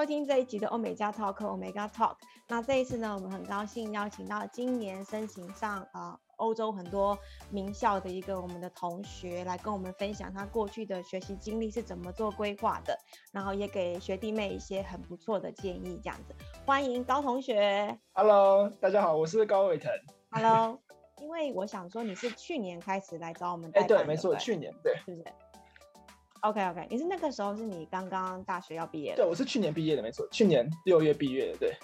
收聽這一集的《歐美加 Talk》，《歐美加 Talk》。那這一次呢，我們很高興邀請到今年申請上呃歐洲很多名校的一個我們的同學，來跟我們分享他過去的學習經歷是怎麼做規劃的，然後也給學弟妹一些很不錯的建議。這樣子，歡迎高同學。Hello，大家好，我是高偉騰。 Hello，因為我想說你是去年開始來找我們，的、欸。對，對，沒錯，去年，對，是不是。OK OK，也是那個時候是你剛剛大學要畢業了。對，我是去年畢業的，沒錯，去年六月畢業的，對。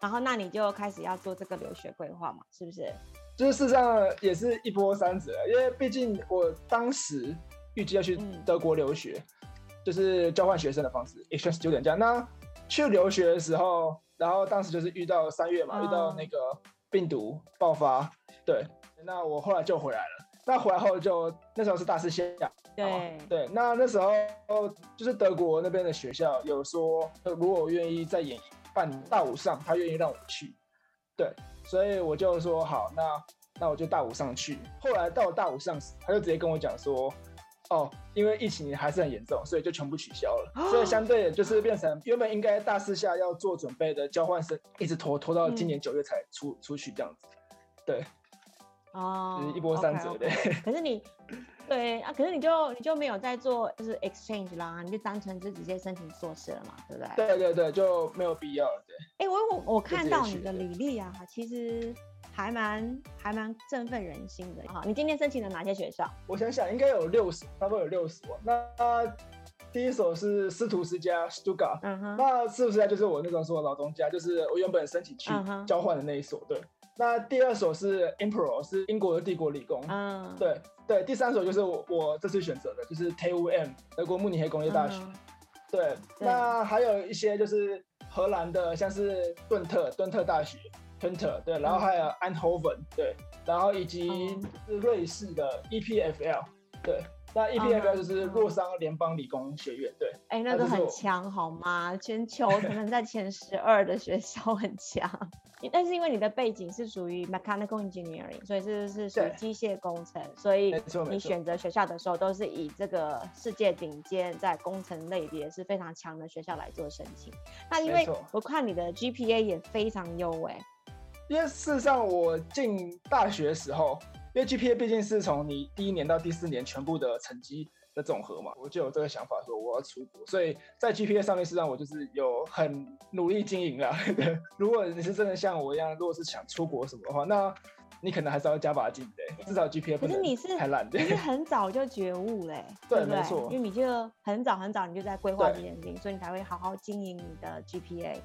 然後那你就開始要做這個留學規劃嘛，是不是？就是事實上也是一波三折，因為畢竟我當時預計要去德國留學，嗯、就是交換學生的方式，exchange student 這樣。那去留學的時候，然後當時就是遇到三月嘛、嗯，遇到那個病毒爆發，對。那我後來就回來了。那回來後就那時候是大四下。對、oh, 對，那那時候就是德國那邊的學校有說，如果我願意再延半大五上，他願意讓我去。對，所以我就說好，那那我就大五上去。後來到了大五上，他就直接跟我講說，哦，因為疫情還是很嚴重，所以就全部取消了。Oh, okay. 所以相對就是變成原本應該大四下要做準備的交換生，一直拖拖到今年九月才出，嗯、出去這樣子。對，哦、oh，一波三折的，okay。Okay. 可是你，對啊，可是你就你就沒有在做就是 exchange 啦，你就單純就直接申請碩士了嘛，對不對？對對對，就沒有必要了，對。哎、欸，我我看到你的履歷啊，其實還蠻還蠻,還蠻振奮人心的哈。你今天申請了哪些學校？我想想，應該有六十，差不多有六十。那第一所是斯圖加特 Stuttgart 那是不是就是我那時候是我老東家，就是我原本申請去交換的那一所，uh-huh. 對。那第二所是 Imperial 是英國的帝國理工。嗯，對對。第三所就是我，我這次選擇的，就是 TUM，德國慕尼黑工業大學，嗯對。對。那還有一些就是荷蘭的，像是頓特、頓特大學、Trenter、嗯。對。然後還有 Eindhoven 對。然後以及是瑞士的 EPFL。對。那 EPFL 就是洛桑聯邦理工學院，uh -huh. 對，哎、欸，那個很強好嗎？ 全球可能在前十二的學校很強。 但是因為你的背景是屬於 mechanical engineering，所以是是屬於機械工程，所以你選擇學校的時候都是以這個世界頂尖在工程類別是非常強的學校來做申請。那因為我看你的 GPA 也非常優異，因為事實上我進大學的時候。因為 GPA 畢竟是從你第一年到第四年全部的成績的總和嘛，我就有這個想法說我要出國，所以在 GPA 上面是讓我就是有很努力經營了、啊，對。如果你是真的像我一樣，如果是想出國什麼的話，那你可能還是要加把勁的，至少 GPA 不能太爛。可是你是，你是很早就覺悟嘞、欸，對，對，沒錯。因為你就很早很早你就在規劃這眼睛，所以你才會好好經營你的 GPA。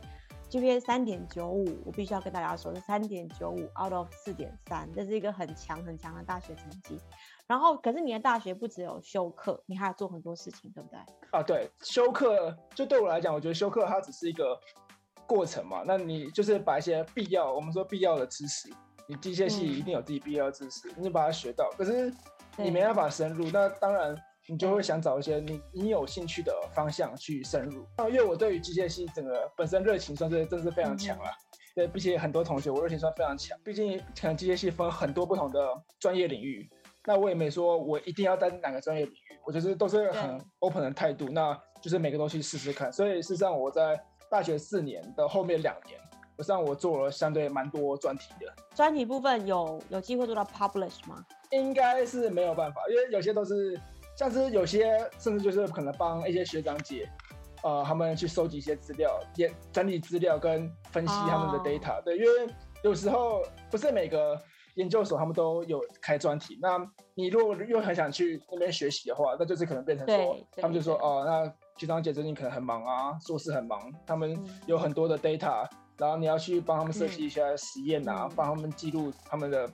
這邊三點九五，我必須要跟大家說，是三點九五 out of 四點三，這是一個很強很強的大學成績。然後，可是你的大學不只有修課，你還要做很多事情，對不對？啊，對，修課就對我來講，我覺得修課它只是一個過程嘛。那你就是把一些必要，我們說必要的知識，你機械系一定有自己必要的知識、嗯，你就把它學到。可是你沒辦法深入，那當然。你就會想找一些你你有興趣的方向去深入因為我對於機械系整個本身熱情算是真是非常強了、嗯，對，畢竟很多同學我熱情算非常強，畢竟可能機械系分很多不同的專業領域，那我也沒說我一定要在哪個專業領域，我覺得都是很 open 的態度，那就是每個東西試試看。所以事實上我在大學四年的後面兩年，我算我做了相對蠻多專題的，專題部分有有機會做到 publish 嗎？應該是沒有辦法，因為有些都是。像是有些，甚至就是可能幫一些學長姐，呃，他們去收集一些資料，也整理資料跟分析他們的 data，、oh. 對，因為有時候不是每個研究所他們都有開專題，那你如果又很想去那邊學習的話，那就是可能變成說，對對對他們就說哦、呃，那學長姐最近可能很忙啊，做事很忙，他們有很多的 data，、嗯、然後你要去幫他們設計一些實驗啊，幫、嗯嗯、他們記錄他們的。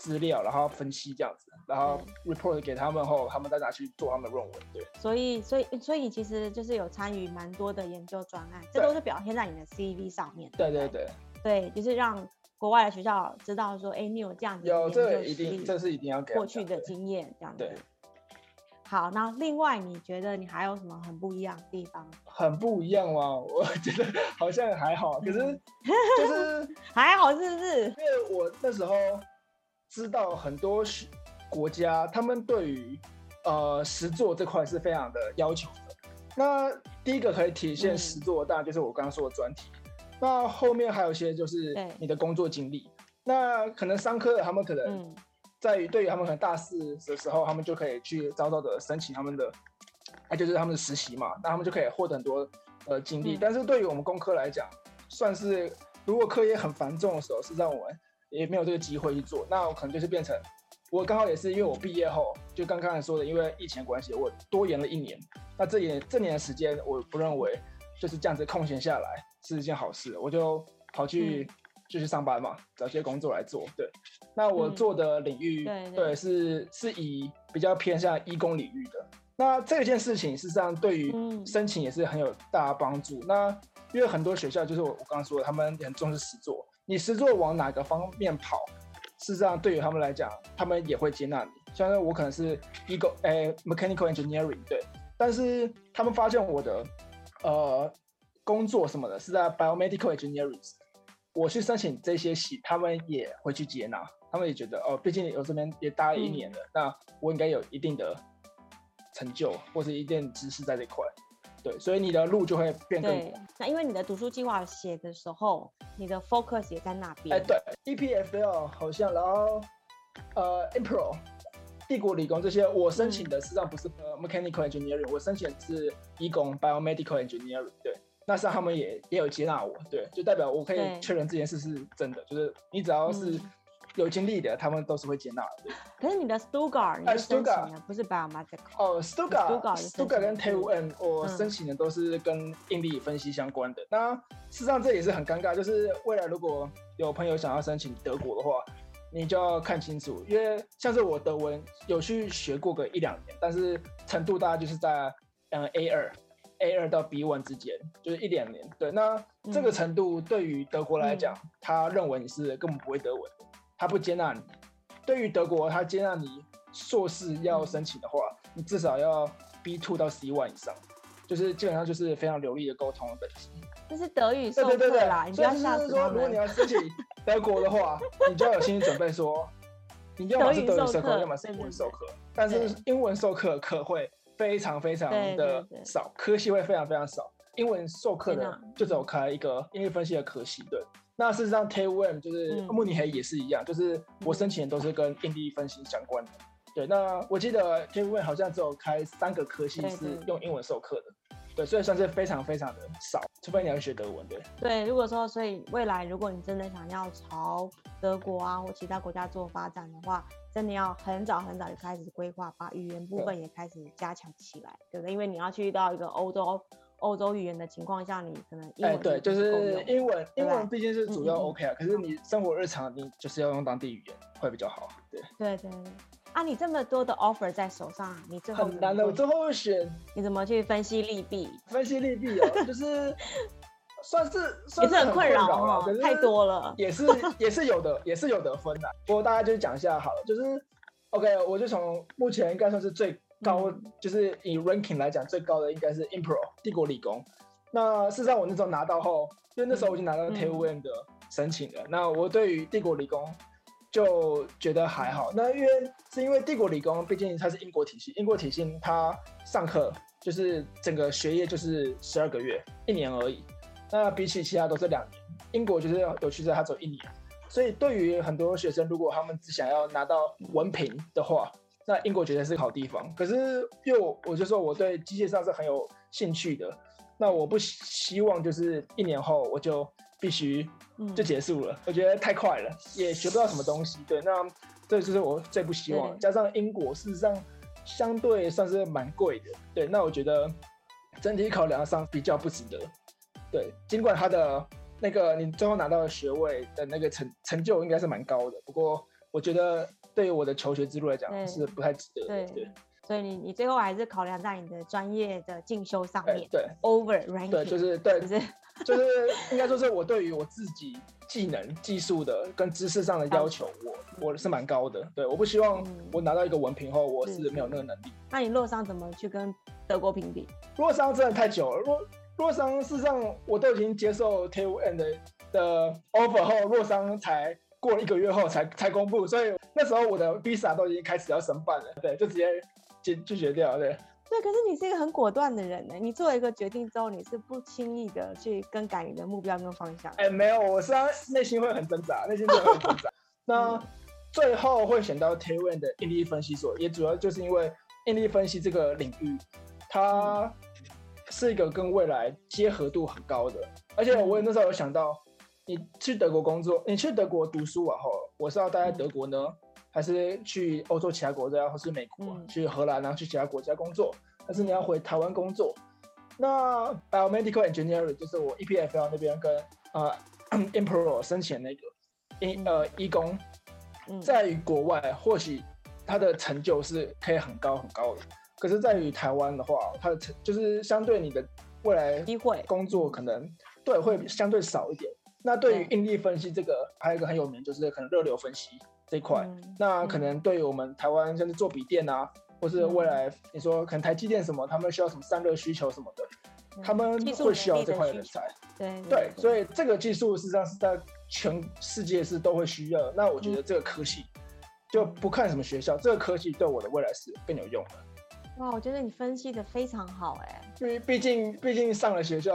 資料，然後分析這樣子，然後 report 給他們後，他們再拿去做他們的論文。對，所以，所以，所以你其實就是有參與蠻多的研究專案，這都是表現在你的 CV 上面。對，對,對，對，對，就是讓國外的學校知道說，哎、欸，你有這樣子有，這個、一定，這是一定要給過去的經驗，這樣子。對。好，那另外你覺得你還有什麼很不一樣的地方？很不一樣嗎？我覺得好像還好，嗯、可是就是 還好，是不是？因為我那時候。知道很多國家，他們對於呃實作這塊是非常的要求的。那第一個可以體現實作，嗯、當然就是我剛剛說的專題、嗯。那後面還有一些就是你的工作經歷。那可能商科的他們可能在於對於他們可能大四的時候、嗯，他們就可以去早早的申請他們的，哎就是他們的實習嘛。那他們就可以獲得很多呃經歷、嗯。但是對於我們工科來講，算是如果課業很繁重的時候，是讓我們。也沒有這個機會去做，那我可能就是變成，我剛好也是因為我畢業後、嗯、就剛剛才說的，因為疫情的關係，我多延了一年。那這年這年的時間，我不認為就是這樣子空閒下來是一件好事，我就跑去、嗯、就去上班嘛，找些工作來做。對，那我做的領域，嗯、對，對，是是以比較偏向醫工領域的。那這件事情事實上對於申請也是很有大幫助、嗯。那因為很多學校就是我我剛剛說的，他們也很重視實作。你是做往哪個方面跑，事實上對於他們來講，他們也會接納你。像是我可能是一個誒 mechanical engineering 對，但是他們發現我的呃工作什麼的是在 biomedical engineering，我去申請這些系，他們也會去接納，他們也覺得哦，畢竟我這邊也待了一年了，嗯、那我應該有一定的成就或是一定知識在這塊。對，所以你的路就會變更多。那因為你的讀書計劃寫的時候，你的 focus 也在那邊。哎、欸，對，EPFL 好像，然後呃 Imperial 帝國理工這些，我申請的實際上不是 mechanical engineering，、嗯、我申請的是醫工，biomedical engineering。對，那實際上他們也也有接納我。對，就代表我可以確認這件事是真的，就是你只要是。嗯有經歷的，他們都是會接納的。可是你的, Stugger, 你的、哎、StuG，Stugar 不是 biomatic 哦，StuG，StuG 跟 t a y l e N，、嗯、我申請的都是跟硬幣分析相關的、嗯。那事實上這也是很尷尬，就是未來如果有朋友想要申請德國的話，你就要看清楚，因為像是我德文有去學過個一兩年，但是程度大概就是在嗯 A 二，A 二到 B one 之間，就是一兩年。對，那這個程度對於德國來講、嗯，他認為你是根本不會德文。他不接納你。對於德國，他接納你碩士要申請的話，嗯、你至少要 B two 到 C one 以上，就是基本上就是非常流利的溝通的本事。這是德語授課啦，對對對對，你不要嚇死。說，如果你要申請德國的話， 你就要有心理準備說，說你要麼是德語授課， 要麼是英文授課。但是英文授課課會非常非常的少，對對對對，科系會非常非常少。英文授課的人就只有開一個英語分析的科系，對。那事實上，TUM 就是慕尼黑也是一樣，嗯、就是我申請的都是跟經濟分析相關的、嗯。對，那我記得 TUM 好像只有開三個科系是用英文授課的，對對對，對，所以算是非常非常的少，除非你要學德文的。對，如果說，所以未來如果你真的想要朝德國啊或其他國家做發展的話，真的要很早很早就開始規劃，把語言部分也開始加強起來，對不對？因為你要去到一個歐洲。歐洲語言的情況下，你可能英文英文哎對，就是英文對對，英文畢竟是主要 OK 啊嗯嗯。可是你生活日常，你就是要用當地語言會比較好。對對對，對啊，你這麼多的 offer 在手上，你最後很難的，我最後選，你怎麼去分析利弊？分析利弊啊，就是算是， 算是、啊、也是很困擾、啊、是是太多了，也是 也是有的，也是有得分的、啊。不過大家就是講一下好了，就是 OK，我就從目前應該算是最高就是以 ranking 來講最高的應該是 Imperial 帝國理工。那事實上我那時候拿到後，嗯、因為那時候我已經拿到 TUM 的申請了。嗯、那我對於帝國理工就覺得還好。那因為是因為帝國理工畢竟它是英國體系，英國體系它上課就是整個學業就是十二個月一年而已。那比起其他都是兩年，英國就是有趣在它只有一年。所以對於很多學生，如果他們只想要拿到文憑的話，那英國絕對是個好地方，可是又我，我就說我對機械上是很有興趣的，那我不希望就是一年後我就必須就結束了，嗯，我覺得太快了，也學不到什麼東西。對，那這就是我最不希望。嗯、加上英國事實上相對算是蠻貴的，對，那我覺得整體考量上比較不值得。對，儘管它的那個你最後拿到的學位的那個成成就應該是蠻高的，不過。我覺得對於我的求學之路來講是不太值得的對。對，所以你你最後還是考量在你的專業的進修上面。欸、對，over。對，就是對，是，不是，就是應該說是我對於我自己技能、技術的跟知識上的要求， 我我是蠻高的、嗯。對，我不希望我拿到一個文憑後，我是沒有那個能力。嗯、那你洛桑怎麼去跟德國評比？洛桑真的太久了。洛洛桑事實上我都已經接受 TUM 的，的 offer 後，洛桑才，過了一個月後才才公布，所以那時候我的 visa 都已經開始要申辦了，對，就直接拒拒絕掉了，對。對，可是你是一個很果斷的人，你做了一個決定之後，你是不輕易的去更改你的目標跟方向。哎、欸，沒有，我是內心會很掙扎，內心會很掙扎。 那、嗯、最後會選到台灣的應力分析所，也主要就是因為應力分析這個領域，它是一個跟未來結合度很高的，而且我也那時候有想到。嗯你去德國工作，你去德國讀書啊？吼，我是要待在德國呢，嗯、還是去歐洲其他國家，或是美國、啊嗯，去荷蘭，然後去其他國家工作？但是你要回台灣工作。那 biomedical engineering 就是我 EPFL 那邊跟呃 Imperial 生前那個一呃醫工，在於國外或許他的成就是可以很高很高的，可是在於台灣的話，他的成就是相對你的未來機會工作可能對會相對少一點。那對於應力分析這個，還有一個很有名就是可能熱流分析這塊、嗯。那可能對於我們台灣、嗯，像是做筆電啊，或是未來、嗯、你說可能台積電什麼，他們需要什麼散熱需求什麼的、嗯，他們會需要這塊人才。對對，對，對，所以這個技術實際上是在全世界是都會需要。那我覺得這個科技、嗯、就不看什麼學校，這個科技對我的未來是更有用的。哇，我覺得你分析的非常好哎、欸。畢畢竟畢竟上了學校，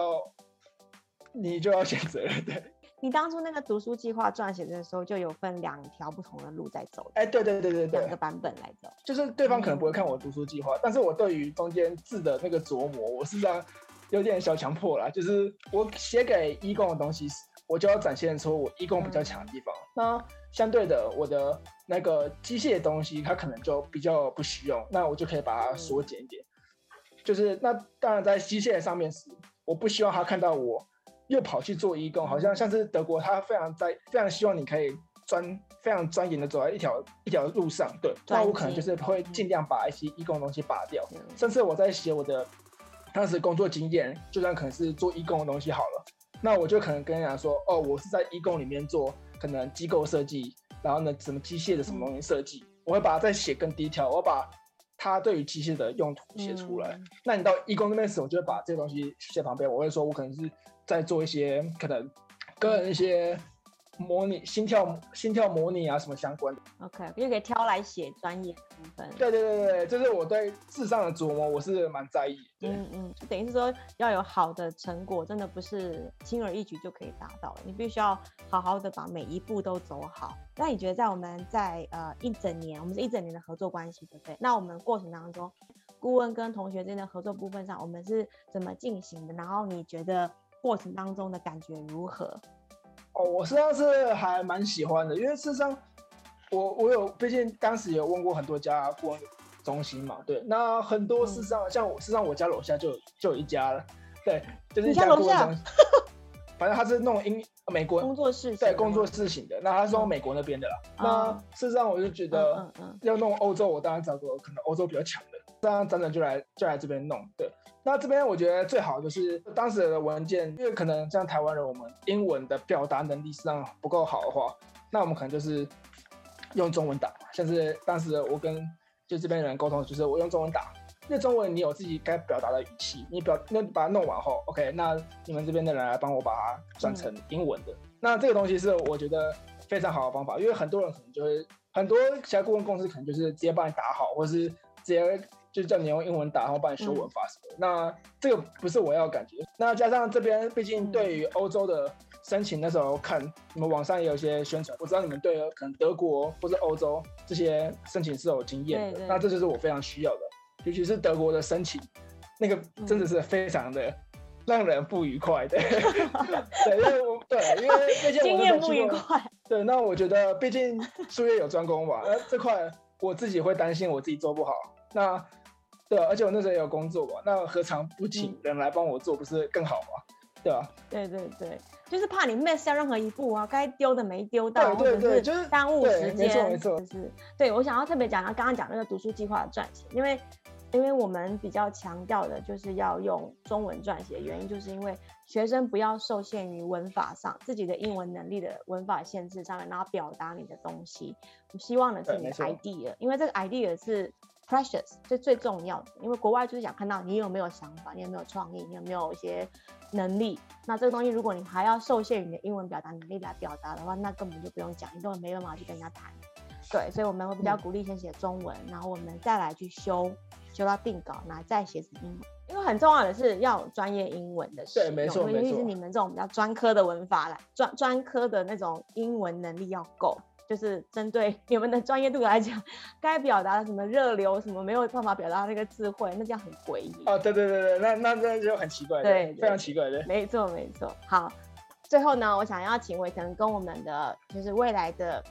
你就要選擇了。對。你當初那個讀書計劃撰寫的時候，就有分兩條不同的路在走。哎、欸，對對對對對，兩個版本來走。就是對方可能不會看我讀書計劃、嗯，但是我對於中間字的那個琢磨，我是這樣有點小強迫啦。就是我寫給醫工的東西，我就要展現出我醫工比較強的地方、嗯。那相對的，我的那個機械的東西，它可能就比較不實用，那我就可以把它縮減一點、嗯。就是那當然在機械上面時，我不希望他看到我，又跑去做義工，好像像是德國，他非常在非常希望你可以專非常專研的走在一條一條路上。對，那我可能就是會儘量把一些義工的東西拔掉。嗯、甚至我在寫我的當時工作經驗，就算可能是做義工的東西好了，那我就可能跟人家說，哦，我是在義工裡面做可能機構設計，然後呢什麼機械的什麼東西設計、嗯，我會把它再寫更 detail，我把它對於機械的用途寫出來、嗯。那你到義工那邊時，我就會把這個東西寫旁邊，我會說我可能是。再做一些可能跟一些模擬心跳、心跳模擬啊什麼相關的。OK，又可以挑來寫專業部分。對對對對，這、就是我對智商的琢磨，我是蠻在意。嗯嗯，等於是說要有好的成果，真的不是輕而易舉就可以達到的。你必須要好好的把每一步都走好。那你覺得在我們在呃一整年，我們是一整年的合作關係，對不對？那我們過程當中，顧問跟同學之間的合作部分上，我們是怎麼進行的？然後你覺得？過程當中的感覺如何？哦，我實際上是還蠻喜歡的，因為事實上，我我有，畢竟當時有問過很多家過中心嘛，對，那很多事實上，嗯、像我事實上我家樓下就就有一家了，對，就是一家樓下，反正他是弄英美國工作室，對，工作室型的，嗯、那他是弄美國那邊的啦、嗯。那事實上，我就覺得要弄歐洲，我當然找過可能歐洲比較強的。這樣輾轉就來就來這邊弄。對，那這邊我覺得最好的就是當時的文件，因為可能像台灣人，我們英文的表達能力上不夠好的話，那我們可能就是用中文打。像是當時我跟就這邊人溝通，就是我用中文打，因為中文你有自己該表達的語氣，你表那把它弄完後，OK，那你們這邊的人來幫我把它轉成英文的。嗯。那這個東西是我覺得非常好的方法，因為很多人可能就是很多其他顧問公司可能就是直接幫你打好，或是直接。就是叫你用英文打，然後幫你修文法什麼、嗯、那這個不是我要感覺。那加上這邊，畢竟對於歐洲的申請，那時候、嗯、看，你們網上也有一些宣傳。我知道你們對可能德國或是歐洲這些申請是有經驗的，對對對。那這就是我非常需要的，尤其是德國的申請，那個真的是非常的讓人不愉快的、嗯。 對，因為我對，因為經驗不愉快。對，那我覺得畢竟術業有專攻吧。這塊我自己會擔心我自己做不好。那。對、啊、而且我那時候也有工作吧，那何嘗不請人來幫我做，不是更好嗎、嗯？對啊，對對對，就是怕你 miss 掉任何一步啊，該丟的沒丟到，對對對或者是耽誤時間。沒、就、錯、是、沒錯，沒錯就是對我想要特別講，剛剛講那個讀書計劃的撰寫，因為因為我們比較強調的就是要用中文撰寫的原因就是因為學生不要受限於文法上，自己的英文能力的文法的限制上面，然後表達你的東西，我希望的是你的 idea，因為這個 idea 是。Precious，最最重要的，因為國外就是想看到你有沒有想法，你有沒有創意，你有沒有一些能力。那這個東西，如果你還要受限於你的英文表達能力來表達的話，那根本就不用講，你根本沒辦法去跟人家談。對，所以我們會比較鼓勵先寫中文，嗯，然後我們再來去修，修到定稿，然後再寫英文。因為很重要的是要有專業英文的，對，沒錯，尤其是你們這種比較專科的文法來，專專科的那種英文能力要夠。就是針對你們的專業度來講，該表達的什麼熱流什麼沒有辦法表達那個智慧，那這樣很詭異啊！對、哦、對對對，那那那就很奇怪，對，對，非常奇怪的。沒錯沒錯。好，最後呢，我想要請偉成跟我們的就是未來的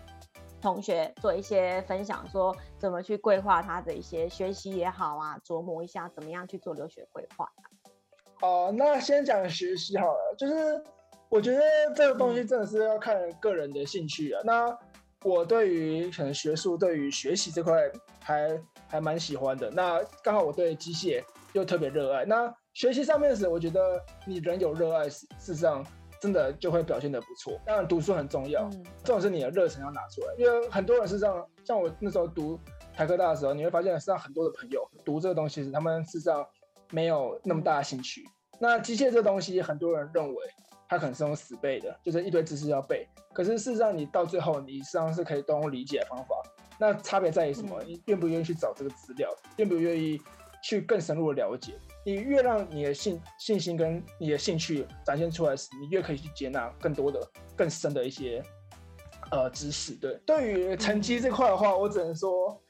同學做一些分享，說怎麼去規劃他的一些學習也好啊，琢磨一下怎麼樣去做留學規劃，啊。哦、呃，那先講學習好了，就是我覺得這個東西真的是要看個人的興趣啊。嗯、那我對於可能學術，對於學習這塊還還蠻喜歡的。那剛好我對機械又特別熱愛。那學習上面是，我覺得你人有熱愛，事實上真的就會表現得不錯。當然讀書很重要，嗯、重點是你的熱忱要拿出來。因為很多人是這樣，像我那時候讀台科大的時候，你會發現事實上很多的朋友讀這個東西，他們事實上沒有那麼大的興趣。嗯、那機械這東西，很多人認為。它可能是用死背的，就是一堆知識要背。可是事實上，你到最後，你實際上是可以動用理解的方法。那差別在於什麼？你願不願意去找這個資料？願不願意去更深入的了解？你越讓你的信信心跟你的興趣展現出來時，你越可以去接納更多的、更深的一些呃知識。對，對於成績這塊的話，我只能說，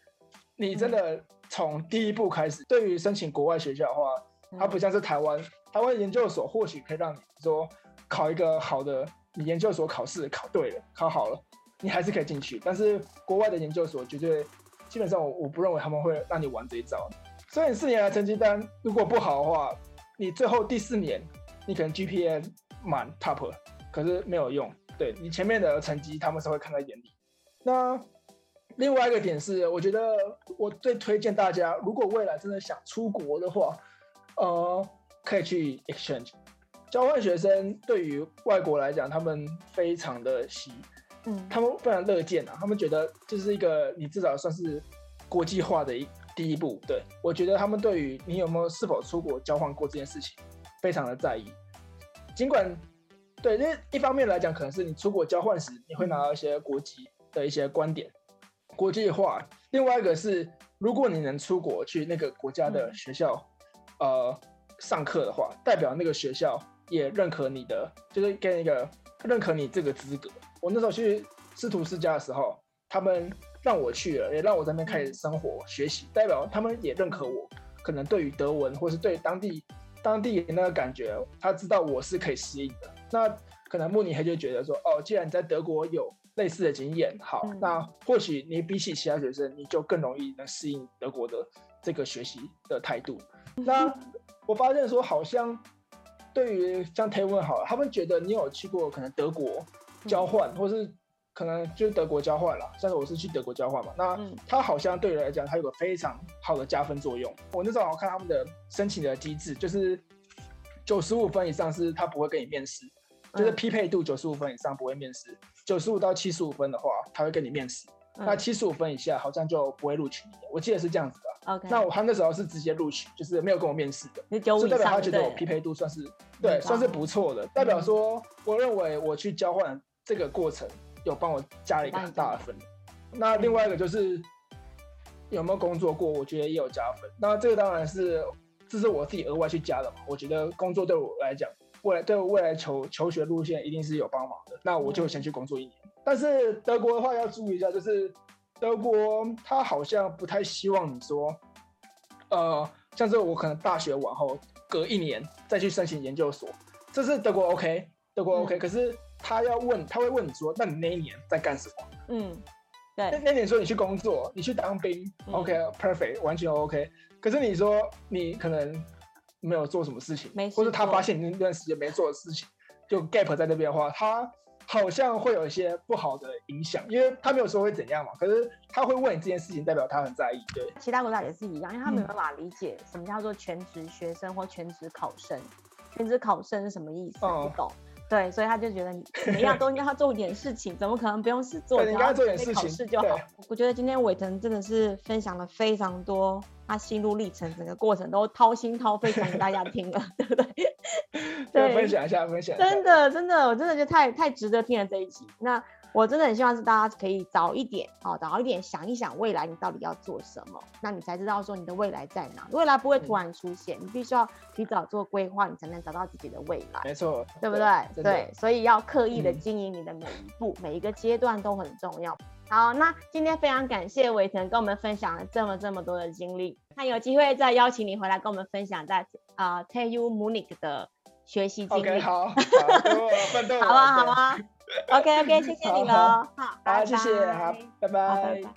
你真的從第一步開始。對於申請國外學校的話，它不像是台灣，台灣研究所或許可以讓你說。考一個好的你，研究所考試考對了，考好了，你還是可以進去。但是國外的研究所絕對基本上，我我不認為他們會讓你玩這一招。所以你四年的成績單如果不好的話，你最後第四年你可能 GPA 滿 top 了，可是沒有用。對，你前面的成績，他們是會看在眼裡。那另外一個點是，我覺得我最推薦大家，如果未來真的想出國的話，呃，可以去 exchange。交換學生對於外國來講，他們非常的喜，嗯，他們非常樂見啊，他們覺得這是一個你至少算是國際化的一第一步。對，我覺得他們對於你有沒有是否出國交換過這件事情，非常的在意。儘管對，因為一方面來講，可能是你出國交換時，你會拿到一些國際的一些觀點，國際化；另外一個是，如果你能出國去那個國家的學校，嗯、呃，上課的話，代表那個學校。也認可你的，就是跟一個認可你這個資格。我那時候去斯圖加特的時候，他們讓我去了，也讓我在那邊開始生活、學習，代表他們也認可我。可能對於德文，或是對當地當地那個感覺，他知道我是可以適應的。那可能慕尼黑就覺得說，哦，既然你在德國有類似的經驗，好，那或許你比起其他學生，你就更容易能適應德國的這個學習的態度。那我發現說，好像，對於像 TU Wien 好了，他們覺得你有去過可能德國交換，嗯，或是可能就是德國交換了。像我是去德國交換嘛，那他好像對於來講，他有個非常好的加分作用。我那時候我看他們的申請的機制，就是九十五分以上是他不會跟你面試，嗯，就是匹配度九十五分以上不會面試，九十五到七十五分的話，他會跟你面試，那七十五分以下好像就不會錄取你，你我記得是這樣子的，啊。Okay. 那我他那時候是直接錄取，就是沒有跟我面試的就95，所以代表他覺得我匹配度算是對,對,對，算是不錯的。代表說，我認為我去交換這個過程有幫我加了一個很大的分。那另外一個就是有沒有工作過，我覺得也有加分。那這個當然是這是我自己額外去加的嘛。我覺得工作對我來講，未來對我未來求求學路線一定是有幫忙的。那我就會先去工作一年。嗯。但是德國的話要注意一下，就是。德國，他好像不太希望你說，呃，像這個我可能大學往後隔一年再去申請研究所，這是德國 OK，德國 OK，嗯。可是他要問，他會問你說，那你那一年在幹什麼？嗯，對。那那年說你去工作，你去當兵，嗯，OK，perfect，OK, 完全 OK。可是你說你可能沒有做什麼事情，沒，或者他發現你那段時間沒做的事情，就 gap 在那邊的話，他。好像會有一些不好的影響，因為他沒有說會怎樣嘛。可是他會問你這件事情，代表他很在意。對，其他國家也是一樣，因為他沒有辦法理解什麼叫做全職學生或全職考生，全職考生是什麼意思，嗯、不懂。對，所以他就覺得你怎麼樣都應該要做一點事情， 怎麼可能不用事做？你應該做點事情，考試就好。我覺得今天偉騰真的是分享了非常多他心路歷程，整個過程都掏心掏肺講給大家聽了， 對不對，對，對？對，分享一下，分享一下。真的，真的，我真的覺得太太值得聽了這一集。那。我真的很希望是大家可以早一點，哦，早一點想一想未來你到底要做什麼，那你才知道說你的未來在哪。未來不會突然出現，嗯、你必須要提早做規劃，你才能找到自己的未來。沒錯，對不對？對，對，所以要刻意的經營你的每一步，嗯，每一個階段都很重要。好，那今天非常感謝偉成跟我們分享了這麼這麼多的經歷。那有機會再邀請你回來跟我們分享在啊、uh, TU Munich 的學習經歷。Okay, 好，好，奮 鬥，好啊，好啊。 OK OK，謝謝你們好好，好拜拜，啊，謝謝，好，拜拜。歐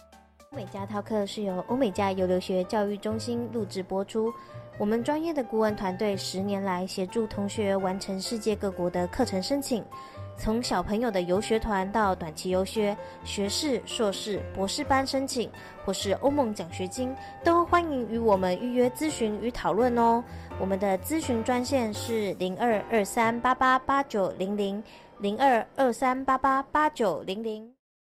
美加淘課，是由歐美加遊留學教育中心錄製播出，我們專業的顧問團隊十年來協助同學完成世界各國的課程申請，從小朋友的遊學團到短期遊學、學士、碩士、博士班申請，或是歐盟獎學金，都歡迎與我們預約諮詢與討論哦。我們的諮詢專線是零二二三八八八九零零。零二二三八八八九零零。